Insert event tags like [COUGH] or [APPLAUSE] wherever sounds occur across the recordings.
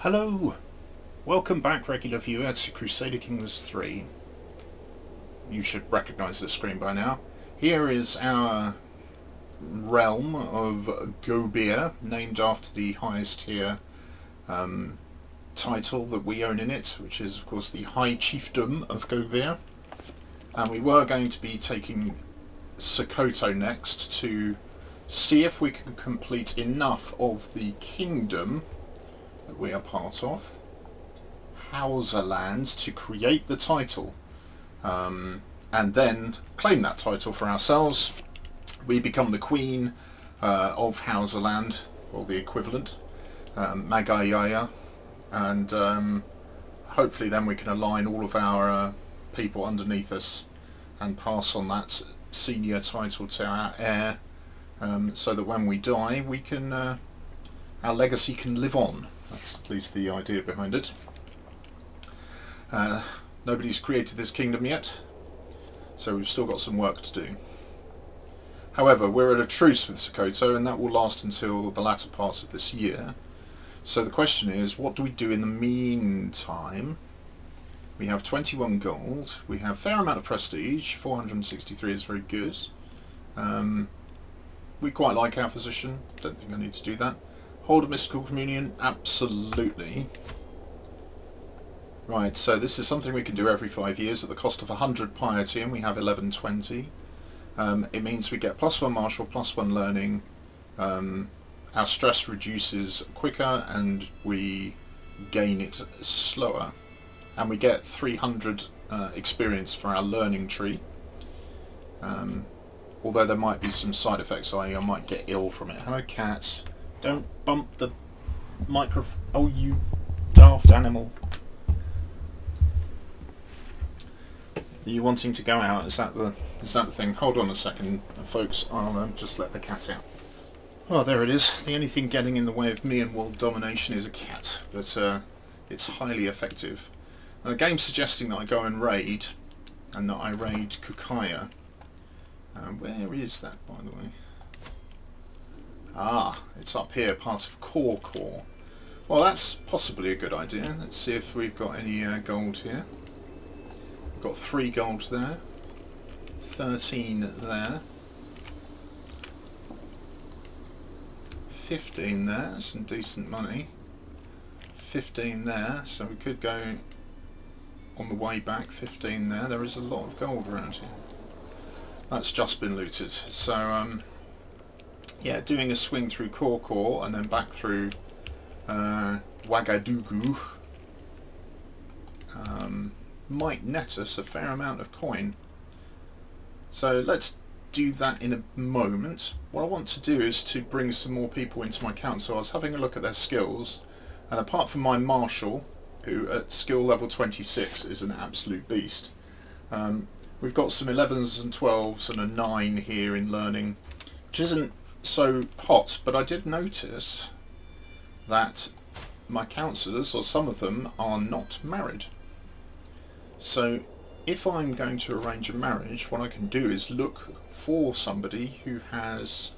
Hello! Welcome back regular viewers, to Crusader Kings 3. You should recognise this screen by now. Here is our realm of Gobir, named after the highest tier um, title that we own in it, which is of course the High Chiefdom of Gobir. And we were going to be taking Sokoto next to see if we can complete enough of the kingdom that we are part of, Hauser to create the title um, and then claim that title for ourselves. We become the queen uh, of Hauserland, or the equivalent, um, Magayaya, and um, hopefully then we can align all of our uh, people underneath us and pass on that senior title to our heir um, so that when we die we can uh, our legacy can live on. That's at least the idea behind it. Uh, nobody's created this kingdom yet, so we've still got some work to do. However, we're at a truce with Sokoto, and that will last until the latter part of this year. So the question is, what do we do in the meantime? We have 21 gold, we have fair amount of prestige, 463 is very good. Um, we quite like our position, don't think I need to do that. Hold a Mystical Communion? Absolutely. Right, so this is something we can do every five years at the cost of 100 piety, and we have 1120. Um, it means we get plus one martial, plus one learning. Um, our stress reduces quicker, and we gain it slower. And we get 300 uh, experience for our learning tree. Um, although there might be some side effects, i.e. I might get ill from it. Hello, cats. Don't bump the microphone! Oh, you daft animal. Are you wanting to go out? Is that the is that the thing? Hold on a second, folks. I'll um, just let the cat out. Oh, there it is. The only thing getting in the way of me and world domination is a cat, but uh, it's highly effective. Now, the game's suggesting that I go and raid, and that I raid Kukaya. Um, where is that, by the way? Ah, it's up here, part of Core Core. Well, that's possibly a good idea. Let's see if we've got any uh, gold here. We've got three gold there. 13 there. 15 there, some decent money. 15 there, so we could go on the way back, 15 there. There is a lot of gold around here. That's just been looted, so um, yeah, doing a swing through Korkor and then back through uh, um, might net us a fair amount of coin. So let's do that in a moment. What I want to do is to bring some more people into my count. So I was having a look at their skills and apart from my marshal, who at skill level 26 is an absolute beast, um, we've got some 11s and 12s and a 9 here in learning, which isn't so hot, but I did notice that my counsellors, or some of them, are not married. So if I'm going to arrange a marriage, what I can do is look for somebody who has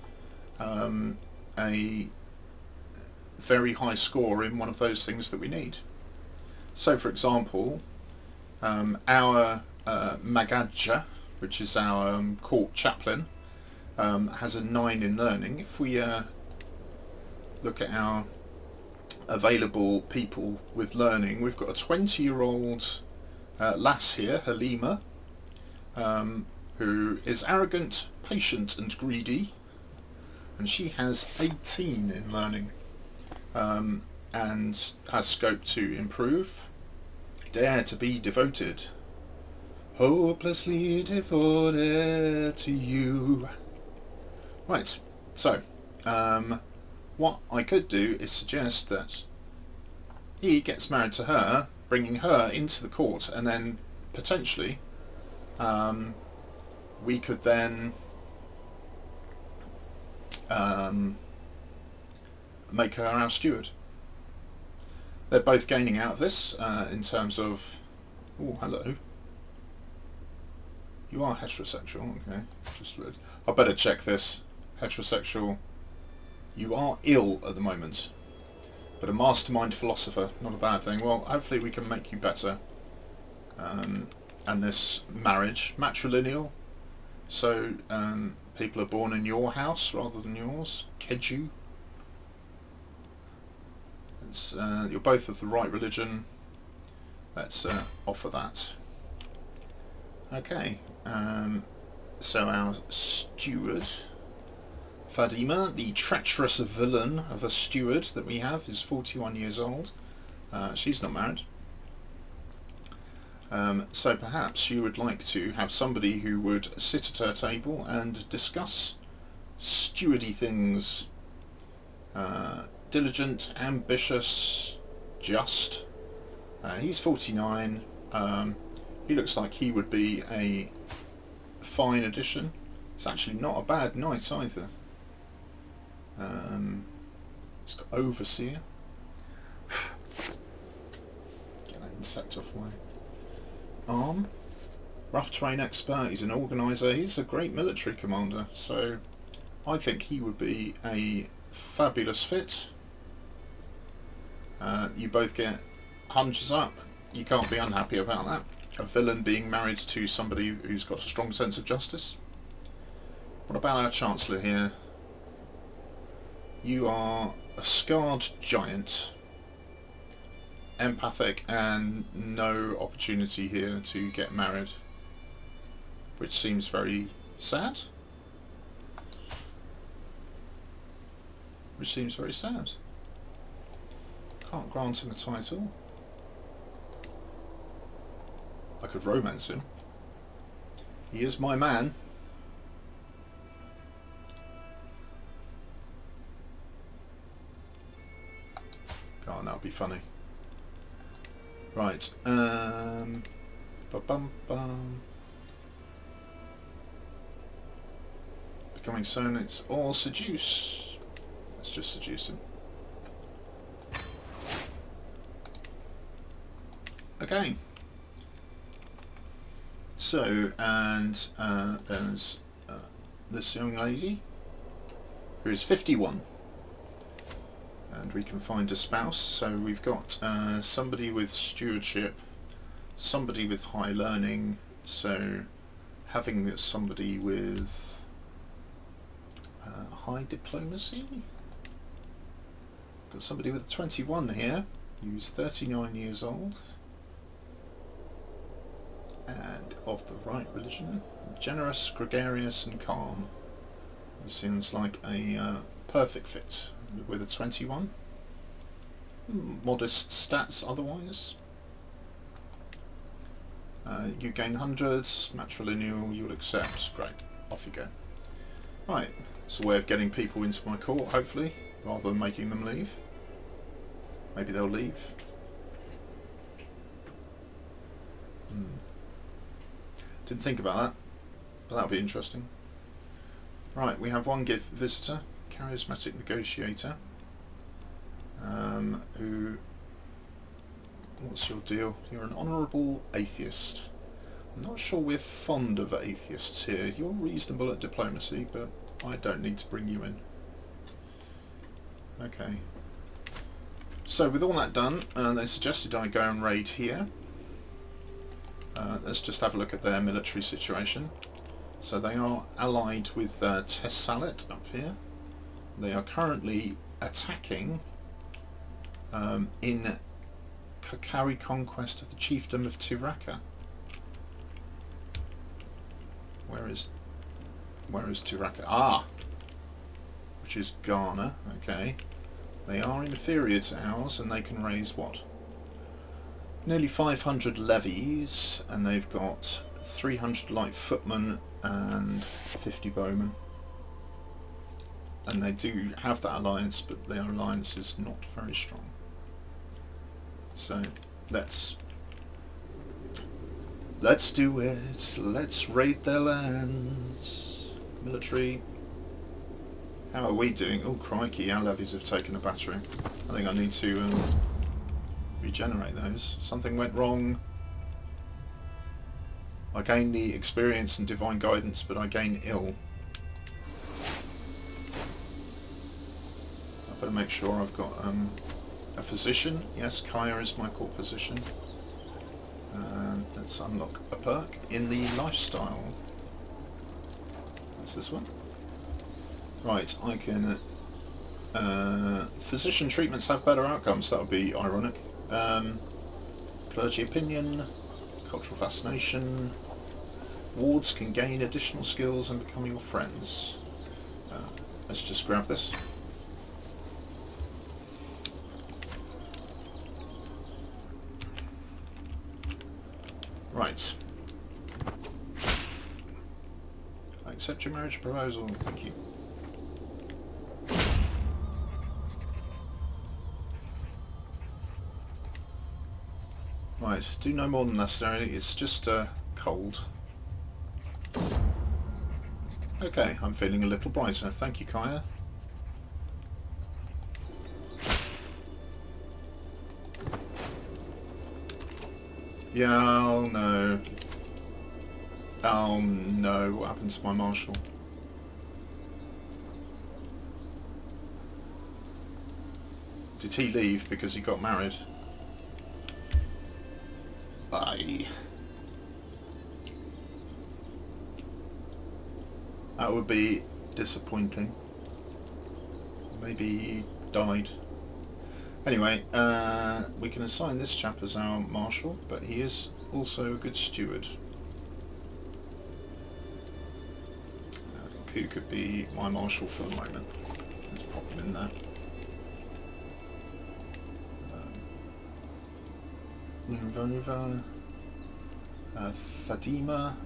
um, a very high score in one of those things that we need. So for example, um, our uh, which is our um, court chaplain, um, has a 9 in learning. If we uh, look at our available people with learning, we've got a 20 year old uh, lass here, Halima, um, who is arrogant, patient and greedy and she has 18 in learning um, and has scope to improve. Dare to be devoted. Hopelessly devoted to you. Right, so um, what I could do is suggest that he gets married to her, bringing her into the court, and then potentially um, we could then um, make her our steward. They're both gaining out of this uh, in terms of... Oh, hello. You are heterosexual, okay. Just I better check this heterosexual, you are ill at the moment. But a mastermind philosopher, not a bad thing. Well, hopefully we can make you better. Um, and this marriage, matrilineal, so um, people are born in your house rather than yours. Keju. It's, uh, you're both of the right religion. Let's uh, offer that. Okay. Um, so our steward Fadima, the treacherous villain of a steward that we have, is 41 years old. Uh, she's not married. Um, so perhaps you would like to have somebody who would sit at her table and discuss stewardy things. Uh, diligent, ambitious, just. Uh, he's 49. Um, he looks like he would be a fine addition. It's actually not a bad night either. Um, it's got Overseer. Get that insect off my arm. Rough Terrain Expert, he's an organiser, he's a great military commander, so I think he would be a fabulous fit. Uh, you both get hunches up, you can't be unhappy about that. A villain being married to somebody who's got a strong sense of justice. What about our Chancellor here? You are a scarred giant, empathic and no opportunity here to get married, which seems very sad. Which seems very sad. Can't grant him a title. I could romance him. He is my man. Oh, that'll be funny. Right. Um, ba -bum -bum. Becoming seduce. Let's just seduce him. Okay. So, and uh, there's uh, this young lady who is 51 and we can find a spouse. So we've got uh, somebody with stewardship, somebody with high learning, so having somebody with uh, high diplomacy. Got somebody with 21 here, who's 39 years old, and of the right religion, generous, gregarious and calm. seems like a uh, perfect fit with a 21. Hmm, modest stats otherwise. Uh, you gain hundreds, Matrilineal, you'll accept. Great, off you go. Right, it's a way of getting people into my court, hopefully, rather than making them leave. Maybe they'll leave. Hmm. Didn't think about that, but that'll be interesting. Right, we have one gift visitor charismatic negotiator um, who what's your deal you're an honorable atheist I'm not sure we're fond of atheists here you're reasonable at diplomacy but I don't need to bring you in okay so with all that done uh, they suggested I go and raid here uh, let's just have a look at their military situation so they are allied with uh, Tessalit up here they are currently attacking um, in Kakari conquest of the chiefdom of Tiraka. Where is where is Tiraka? Ah, which is Ghana. Okay, they are inferior to ours, and they can raise what? Nearly 500 levies, and they've got 300 light footmen and 50 bowmen and they do have that alliance but their alliance is not very strong so let's let's do it let's raid their lands military how are we doing oh crikey our levies have taken a battering I think I need to um, regenerate those something went wrong I gain the experience and divine guidance but I gain ill make sure I've got um, a physician. Yes, Kaya is my court physician. let's unlock a perk in the lifestyle. That's this one. Right, I can... Uh, physician treatments have better outcomes. That would be ironic. Um, clergy opinion, cultural fascination. Wards can gain additional skills and become your friends. Uh, let's just grab this. accept your marriage proposal. Thank you. Right, do no more than necessary. It's just uh, cold. Okay, I'm feeling a little brighter. Thank you, Kaya. Yeah, oh no. Oh no, what happened to my marshal? Did he leave because he got married? Bye. That would be disappointing. Maybe he died. Anyway, uh, we can assign this chap as our marshal, but he is also a good steward. who could be my marshal for the moment. Let's pop him in there. Um, uh, Fatima,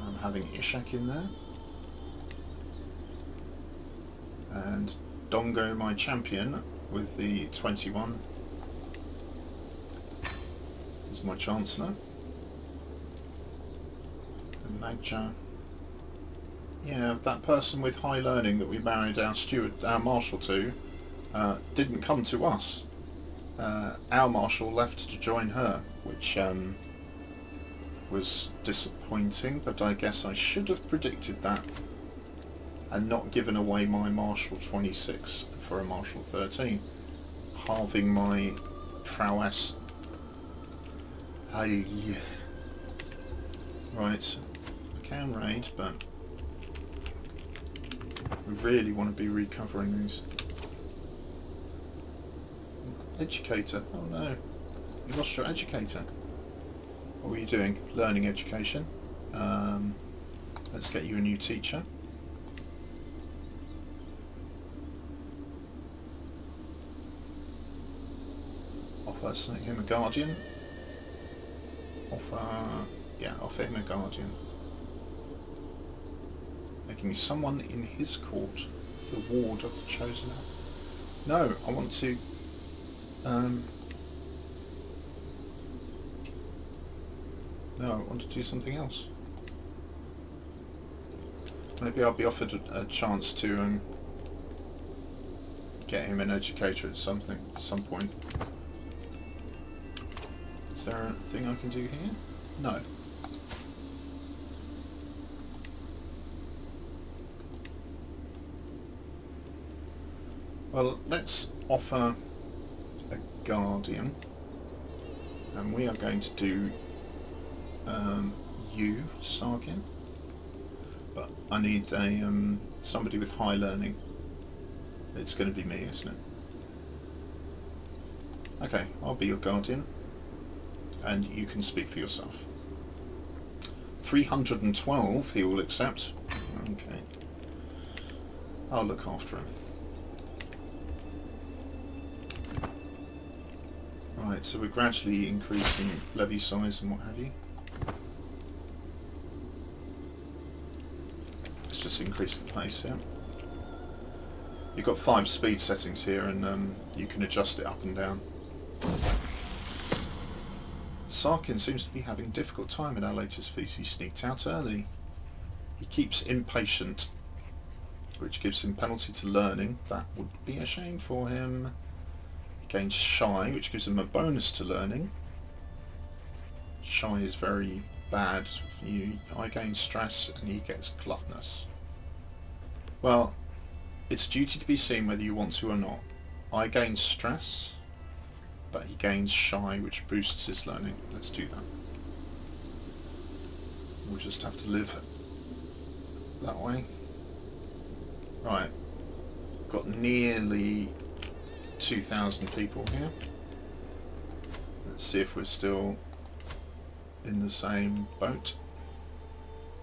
I'm having Ishak in there. And Dongo, my champion, with the 21, is my Chancellor. Uh, yeah, that person with high learning that we married our steward, our marshal to, uh, didn't come to us. Uh, our marshal left to join her, which um, was disappointing, but I guess I should have predicted that and not given away my Marshal 26 for a Marshal 13, halving my prowess. Hey. Right, range, but we really want to be recovering these. Educator. Oh no. You lost your educator. What were you doing? Learning education. Um, let's get you a new teacher. Offer him a guardian. Offer... Yeah, offer him a guardian making someone in his court the ward of the chosen No, I want to um, no, I want to do something else. Maybe I'll be offered a, a chance to um, get him an educator at something, at some point. Is there a thing I can do here? No. Well, let's offer a guardian, and we are going to do um, you, Sargin. But I need a um, somebody with high learning. It's going to be me, isn't it? Okay, I'll be your guardian, and you can speak for yourself. 312 he will accept. Okay. I'll look after him. Right, so we're gradually increasing levy size and what have you. Let's just increase the pace here. You've got five speed settings here and um, you can adjust it up and down. Sarkin seems to be having a difficult time in our latest feast. He sneaked out early. He keeps impatient, which gives him penalty to learning. That would be a shame for him gains Shy, which gives them a bonus to learning. Shy is very bad. You, I gain stress and he gets gluttonous. Well, it's duty to be seen whether you want to or not. I gain stress, but he gains Shy, which boosts his learning. Let's do that. We'll just have to live that way. Right. Got nearly 2,000 people here. Let's see if we're still in the same boat.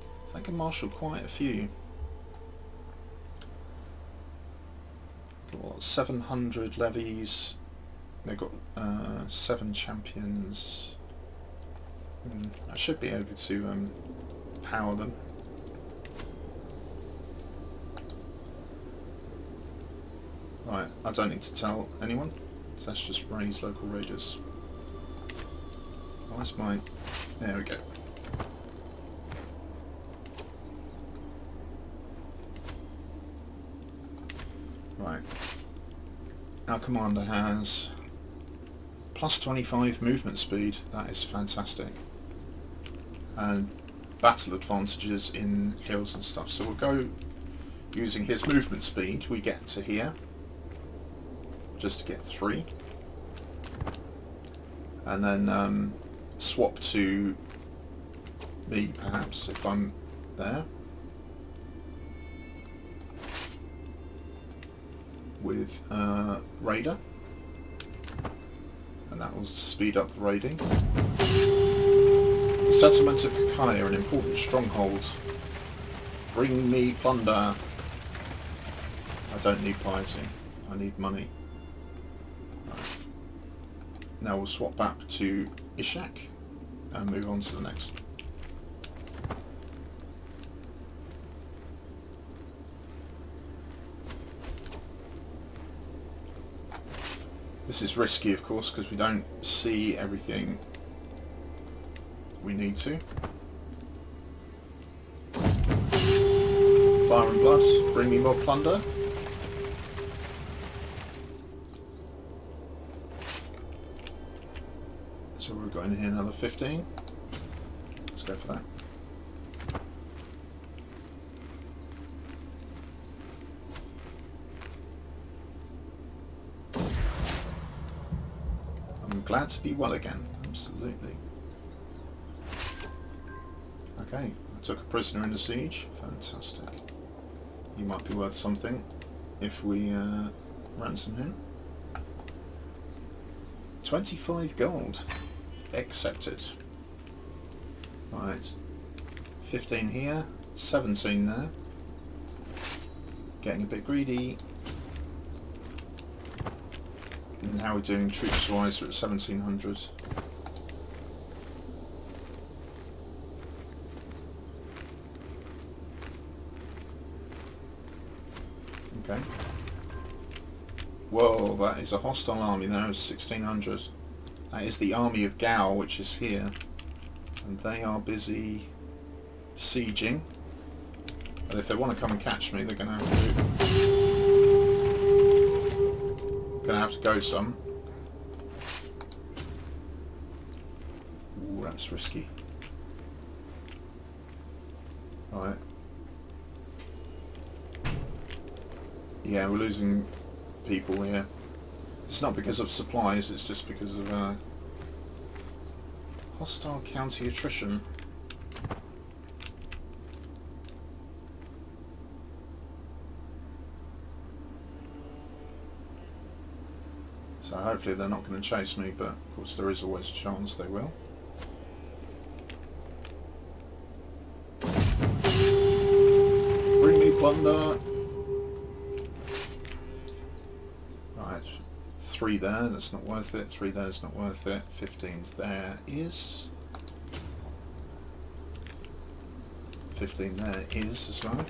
I think I marshalled quite a few. Got what, 700 levies. They've got uh, seven champions. Mm, I should be able to um, power them Right, I don't need to tell anyone. So that's just raise local rages. Where's mine? There we go. Right. Our commander has plus 25 movement speed. That is fantastic. And battle advantages in hills and stuff. So we'll go using his movement speed. We get to here just to get three. And then um, swap to me perhaps if I'm there. With uh, Raider. And that will speed up the raiding. The settlements of Kakai are an important stronghold. Bring me plunder. I don't need piety. I need money. Now we'll swap back to Ishak and move on to the next. This is risky, of course, because we don't see everything we need to. Fire and blood, bring me more plunder. Got in here another 15. Let's go for that. I'm glad to be well again, absolutely. Okay, I took a prisoner in the siege, fantastic. He might be worth something if we uh, ransom him. 25 gold accepted. Right, 15 here, 17 there. Getting a bit greedy. And how are we doing troops wise? at 1700. Okay. Whoa, that is a hostile army now, 1600. That is the army of Gao, which is here. And they are busy sieging. But if they want to come and catch me, they're going to have to... Going to have to go some. Ooh, that's risky. Right. Yeah, we're losing people here. It's not because of supplies, it's just because of uh, hostile county attrition. So hopefully they're not going to chase me, but of course there is always a chance they will. Bring me plunder! Three there, that's not worth it. Three there's not worth it. Fifteen's there is. Fifteen there is as well.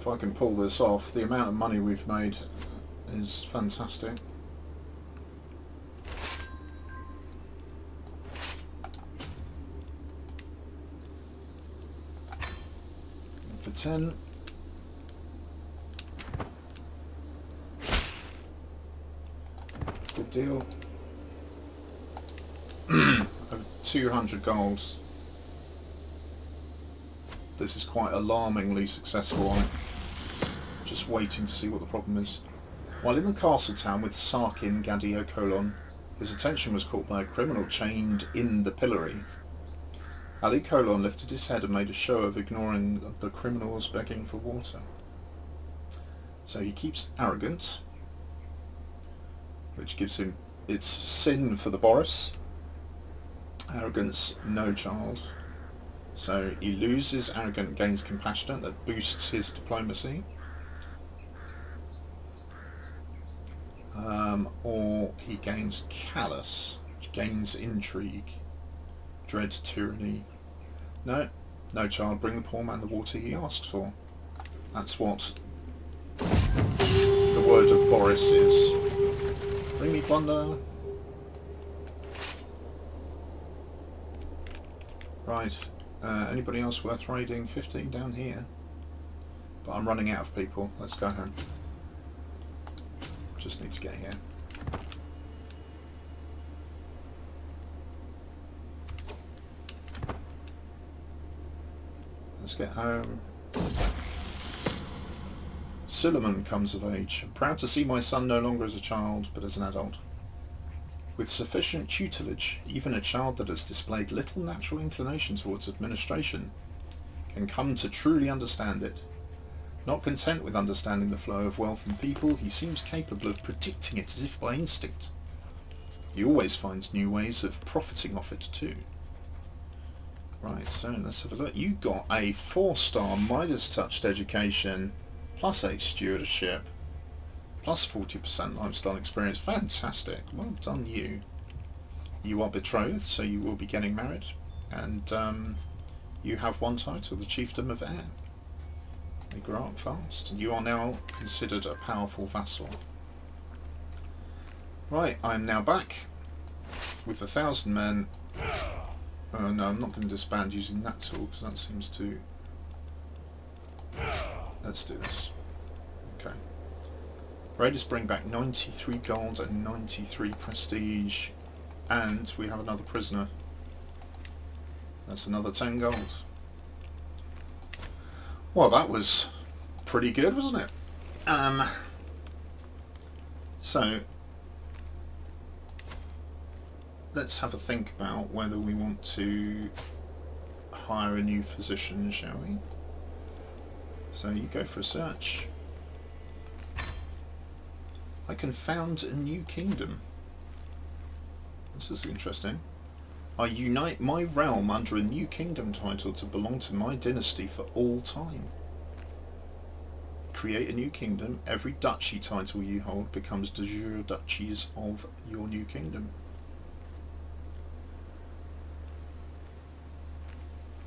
If I can pull this off, the amount of money we've made is fantastic. for 10, deal. [CLEARS THROAT] 200 goals. This is quite alarmingly successful. I'm just waiting to see what the problem is. While in the castle town with Sarkin Gadio Colon, his attention was caught by a criminal chained in the pillory. Ali Colon lifted his head and made a show of ignoring the criminals begging for water. So he keeps arrogant, which gives him its sin for the Boris. Arrogance, no child. So he loses arrogant, gains compassionate, that boosts his diplomacy. Um, or he gains callous, which gains intrigue, dreads tyranny. No, no child, bring the poor man the water he asks for. That's what the word of Boris is bring die plunder. Right, uh, anybody else worth raiding? 15 down here. But I'm running out of people, let's go home. Just need to get here. Let's get home. Suleiman comes of age, proud to see my son no longer as a child, but as an adult. With sufficient tutelage, even a child that has displayed little natural inclination towards administration can come to truly understand it. Not content with understanding the flow of wealth and people, he seems capable of predicting it as if by instinct. He always finds new ways of profiting off it too. Right, so let's have a look. You got a four-star Midas Touched education plus 8 stewardship, plus 40% lifestyle experience. Fantastic. Well done you. You are betrothed, so you will be getting married. And um, you have one title, the Chiefdom of Air. They grow up fast. You are now considered a powerful vassal. Right, I am now back with a thousand men. Oh, no, I'm not going to disband using that tool because that seems to Let's do this. Okay. Raiders bring back 93 gold and 93 prestige. And we have another prisoner. That's another 10 gold. Well, that was pretty good, wasn't it? Um, so, let's have a think about whether we want to hire a new physician, shall we? So you go for a search. I can found a new kingdom. This is interesting. I unite my realm under a new kingdom title to belong to my dynasty for all time. Create a new kingdom. Every duchy title you hold becomes de jure duchies of your new kingdom.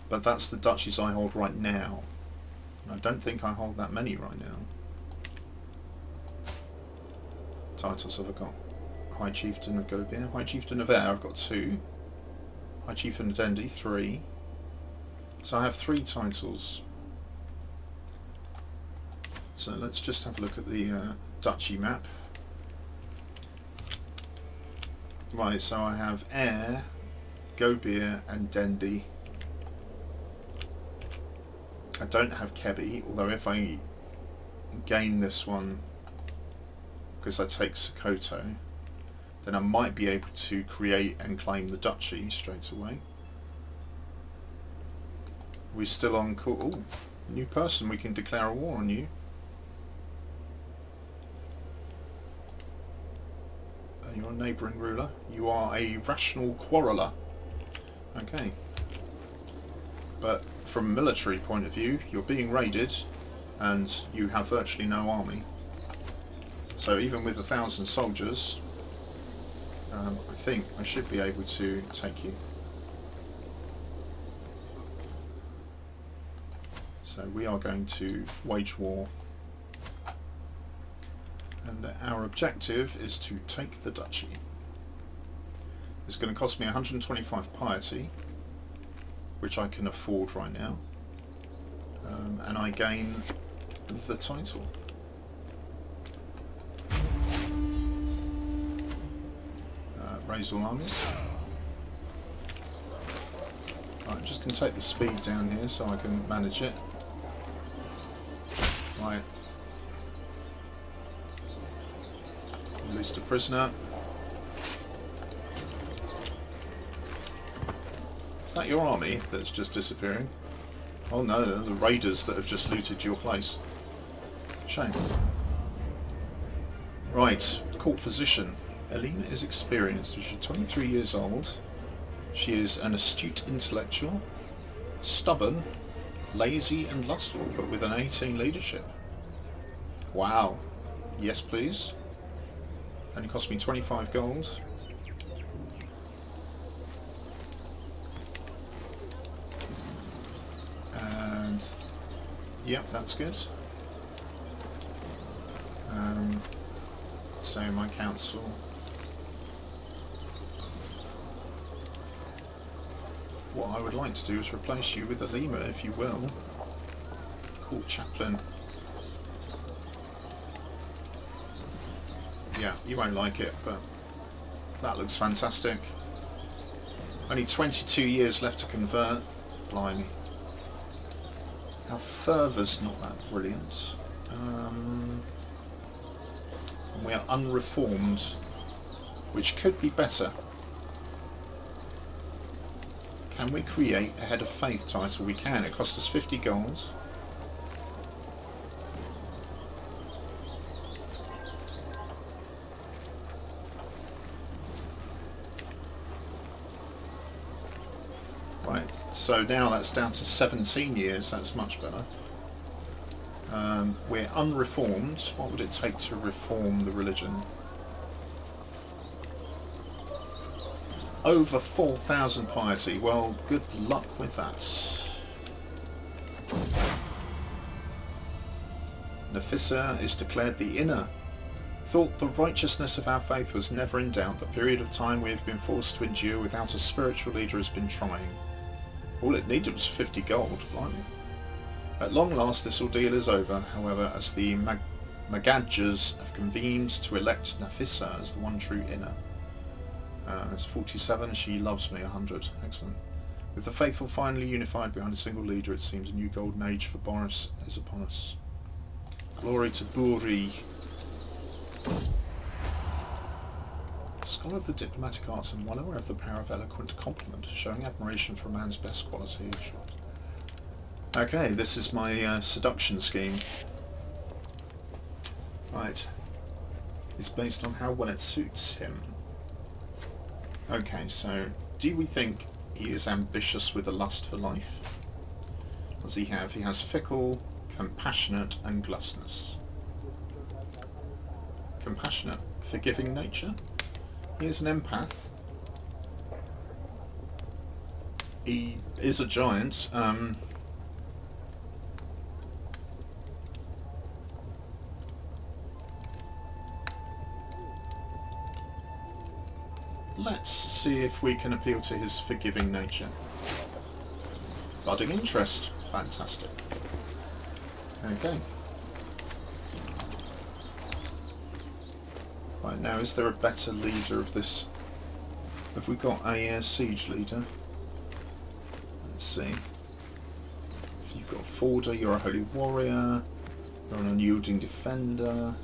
But that's the duchies I hold right now. I don't think I hold that many right now. Titles have I got? High Chieftain of Gobir, High Chieftain of Air, I've got two. High Chieftain of Dendi, three. So I have three titles. So let's just have a look at the uh, duchy map. Right, so I have Air, Gobir and Dendi. I don't have Kebby, although if I gain this one, because I take Sokoto, then I might be able to create and claim the duchy straight away. We're still on call. Ooh, new person, we can declare a war on you. Uh, you're a neighbouring ruler. You are a rational quarreler. Okay. But from a military point of view, you're being raided and you have virtually no army. So even with a thousand soldiers, um, I think I should be able to take you. So we are going to wage war. And our objective is to take the duchy. It's going to cost me 125 piety, which I can afford right now, um, and I gain the title. Uh, raise all armies. Right, I'm just going to take the speed down here so I can manage it. Right. Released a prisoner. that your army that's just disappearing? Oh no, the raiders that have just looted your place. Shame. Right, court physician. Elena is experienced. She's 23 years old. She is an astute intellectual, stubborn, lazy and lustful, but with an 18 leadership. Wow. Yes, please. Only cost me 25 gold. Yep, that's good. Um, so my council What I would like to do is replace you with a lemur, if you will. Called Chaplain. Yeah, you won't like it, but that looks fantastic. Only 22 years left to convert. Blimey. Our fervor's not that brilliant. Um, we are unreformed, which could be better. Can we create a Head of Faith title? We can. It costs us 50 gold. So now that's down to 17 years, that's much better. Um, we're unreformed. What would it take to reform the religion? Over 4,000 piety. Well, good luck with that. Nefissa is declared the inner. Thought the righteousness of our faith was never in doubt. The period of time we have been forced to endure without a spiritual leader has been trying. All it needed was 50 gold, blimey. At long last this ordeal is over, however, as the Mag have convened to elect Nafissa as the one true inner. Uh, it's 47, she loves me, 100. Excellent. With the faithful finally unified behind a single leader, it seems a new golden age for Boris is upon us. Glory to Buri. Scholar of the diplomatic arts and well aware of the power of eloquent compliment, showing admiration for a man's best quality. Okay, this is my uh, seduction scheme. Right. It's based on how well it suits him. Okay, so do we think he is ambitious with a lust for life? What does he have? He has fickle, compassionate and gluttonous. Compassionate, forgiving nature? He's an empath. He is a giant. Um, let's see if we can appeal to his forgiving nature. Budding interest. Fantastic. Okay. now. Is there a better leader of this? Have we got a uh, siege leader? Let's see. If you've got a Forder, you're a holy warrior. You're an unyielding defender.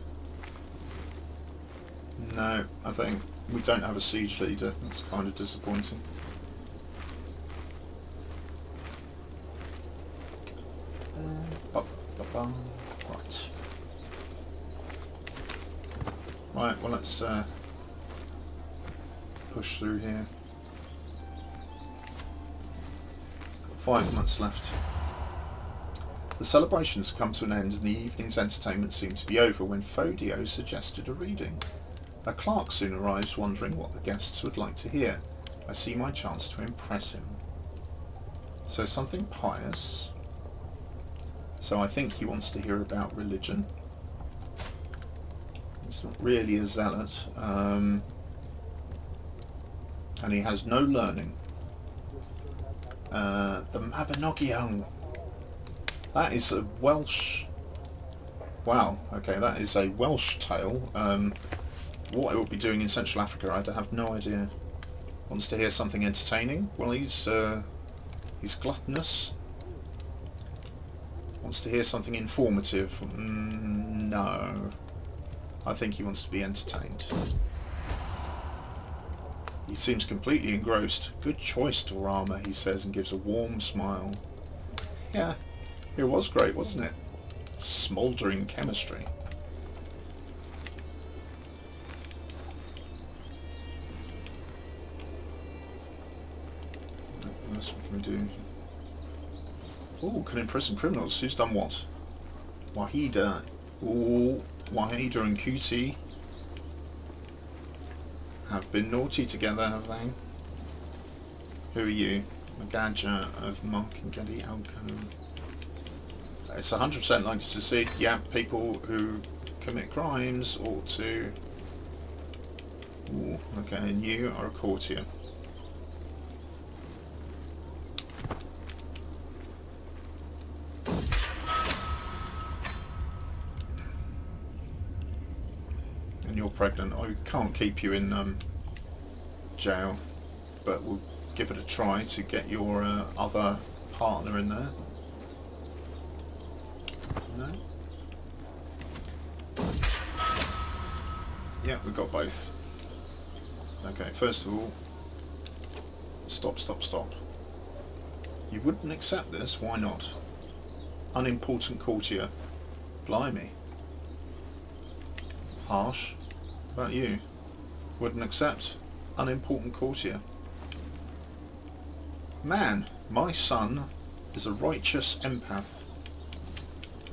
No, I think we don't have a siege leader. That's kind of disappointing. uh, push through here. five months left. The celebrations had come to an end and the evening's entertainment seemed to be over when Fodio suggested a reading. A clerk soon arrives wondering what the guests would like to hear. I see my chance to impress him. So something pious. So I think he wants to hear about religion not really a zealot. Um, and he has no learning. Uh, the Mabinogion. That is a Welsh... Wow, okay, that is a Welsh tale. Um, what it will be doing in Central Africa, I have no idea. Wants to hear something entertaining? Well, he's, uh, he's gluttonous. Wants to hear something informative? Mm, no. I think he wants to be entertained. He seems completely engrossed. Good choice, Dorama, he says and gives a warm smile. Yeah, it was great, wasn't it? Smouldering chemistry. What we do? Oh, can imprison criminals. Who's done what? Wahida. Ooh. Why and QT have been naughty together, have they? Who are you? Uh, a gadget of Mark and Getty Alcone. It's 100% likely to see, yeah, people who commit crimes ought to... Ooh, okay, and you are a courtier. keep you in um, jail, but we'll give it a try to get your uh, other partner in there. No? Yeah, we've got both. Okay, first of all, stop, stop, stop. You wouldn't accept this, why not? Unimportant courtier. Blimey. Harsh. What about you? Wouldn't accept. Unimportant courtier. Man, my son is a righteous empath.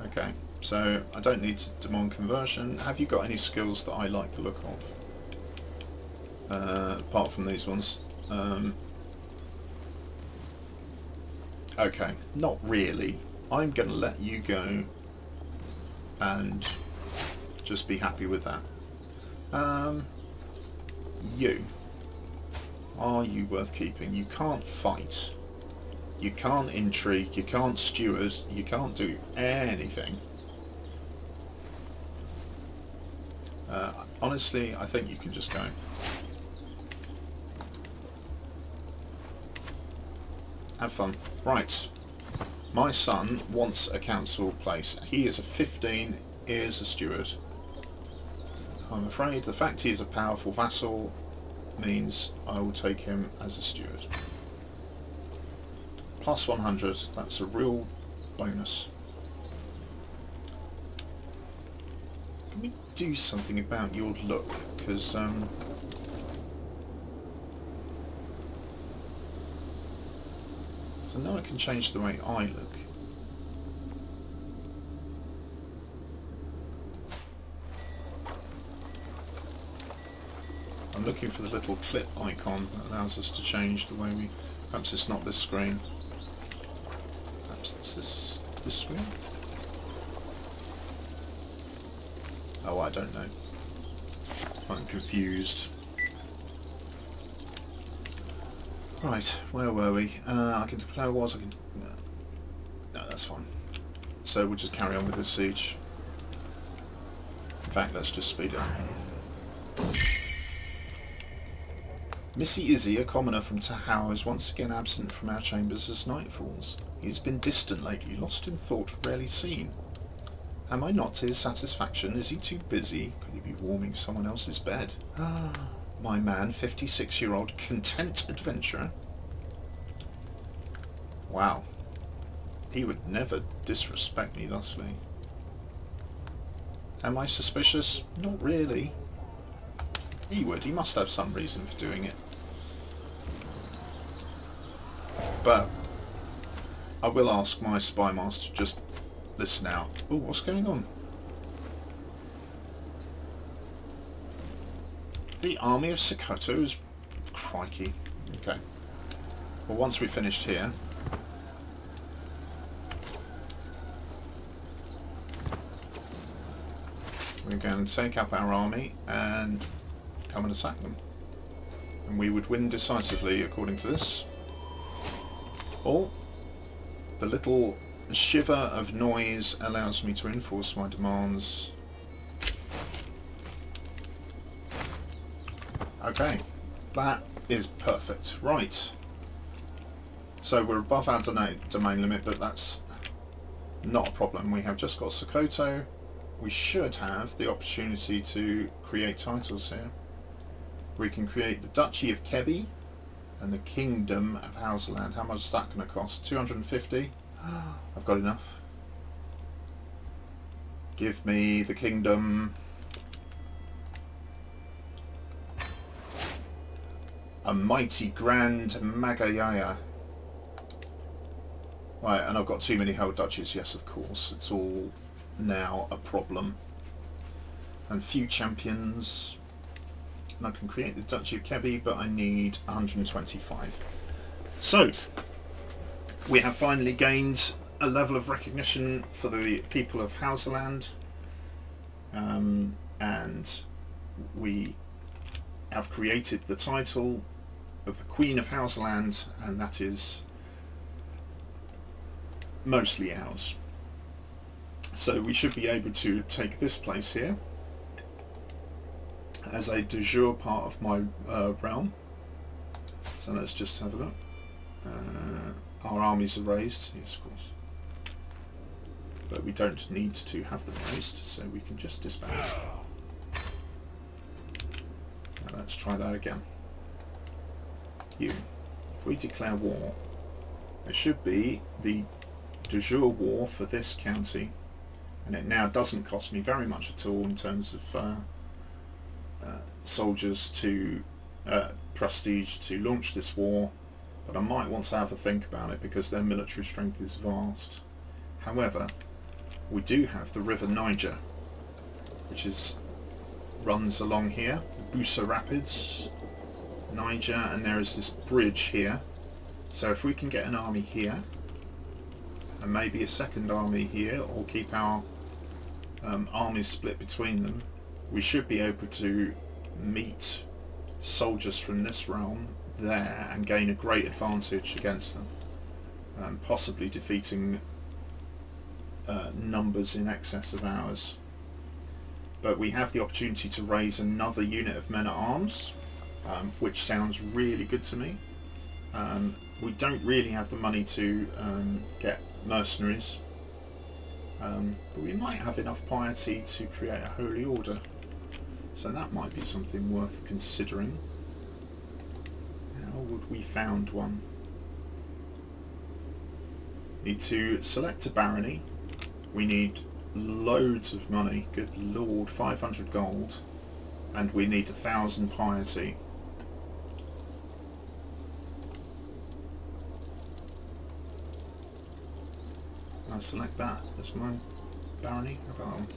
Okay, so I don't need to demand conversion. Have you got any skills that I like the look of? Uh, apart from these ones. Um, okay, not really. I'm going to let you go and just be happy with that. Um, you. Are you worth keeping? You can't fight. You can't intrigue. You can't steward. You can't do anything. Uh, honestly, I think you can just go. Have fun. Right. My son wants a council place. He is a 15, he is a steward. I'm afraid. The fact he is a powerful vassal means I will take him as a steward. Plus 100, that's a real bonus. Can we do something about your look? Because, um, So now I can change the way I look. you for the little clip icon that allows us to change the way we... Perhaps it's not this screen. Perhaps it's this, this screen? Oh, I don't know. I'm confused. Right, where were we? Uh, I can declare wars. I can... No. no, that's fine. So we'll just carry on with the siege. In fact, let's just speed up. Missy Izzy, a commoner from Tahau, is once again absent from our chambers as night falls. He has been distant lately, lost in thought, rarely seen. Am I not to his satisfaction? Is he too busy? Could he be warming someone else's bed? Ah, my man, 56-year-old content adventurer. Wow. He would never disrespect me thusly. Am I suspicious? Not really. He would. He must have some reason for doing it. But I will ask my spy master to just listen out. Oh, what's going on? The army of Sakato is... Crikey. Okay. Well, once we finished here... We're going to take up our army and come and attack them. And we would win decisively according to this. Oh, the little shiver of noise allows me to enforce my demands. Okay, that is perfect. Right. So we're above our domain limit, but that's not a problem. We have just got Sokoto. We should have the opportunity to create titles here. We can create the Duchy of Kebi, and the Kingdom of Houseland. How much is that going to cost? 250? [GASPS] I've got enough. Give me the Kingdom... A mighty grand Magayaya. Right, and I've got too many held duchies, yes of course. It's all now a problem. And few champions, and I can create the Duchy of Kebby, but I need 125. So we have finally gained a level of recognition for the people of Hauserland um, and we have created the title of the Queen of Hauserland and that is mostly ours. So we should be able to take this place here as a de jure part of my uh, realm. So let's just have a look. Uh, our armies are raised, yes of course. But we don't need to have them raised, so we can just dispatch. Now let's try that again. You. If we declare war, it should be the de jure war for this county and it now doesn't cost me very much at all in terms of uh, soldiers to uh, prestige to launch this war, but I might want to have a think about it because their military strength is vast. However, we do have the River Niger, which is runs along here, the Busa Rapids, Niger, and there is this bridge here. So if we can get an army here, and maybe a second army here, or keep our um, armies split between them, we should be able to meet soldiers from this realm there and gain a great advantage against them, um, possibly defeating uh, numbers in excess of ours. But we have the opportunity to raise another unit of men-at-arms, um, which sounds really good to me. Um, we don't really have the money to um, get mercenaries, um, but we might have enough piety to create a holy order. So that might be something worth considering. How would we found one? Need to select a barony. We need loads of money. Good lord, 500 gold. And we need a thousand piety. i select that as my barony. How about one?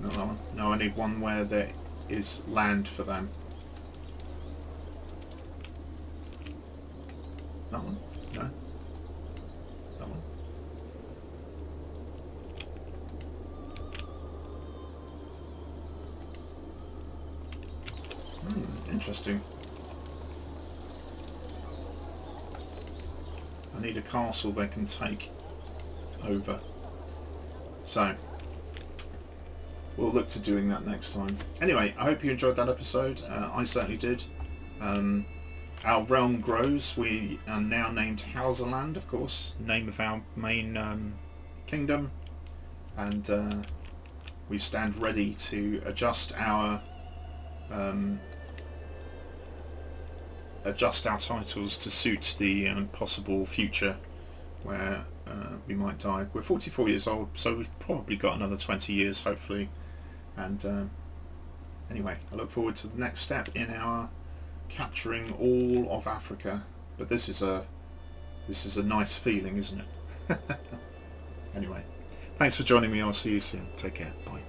No, no, I need one where there is land for them. That one? No. That one. Hmm, interesting. I need a castle they can take over. So, we'll look to doing that next time. Anyway, I hope you enjoyed that episode. Uh, I certainly did. Um, our realm grows. We are now named Hauserland, of course, name of our main um, kingdom. And uh, we stand ready to adjust our um, adjust our titles to suit the um, possible future where uh, we might die. We're 44 years old, so we've probably got another 20 years, hopefully, and um, anyway, I look forward to the next step in our capturing all of Africa. But this is a this is a nice feeling, isn't it? [LAUGHS] anyway, thanks for joining me. I'll see you soon. Take care. Bye.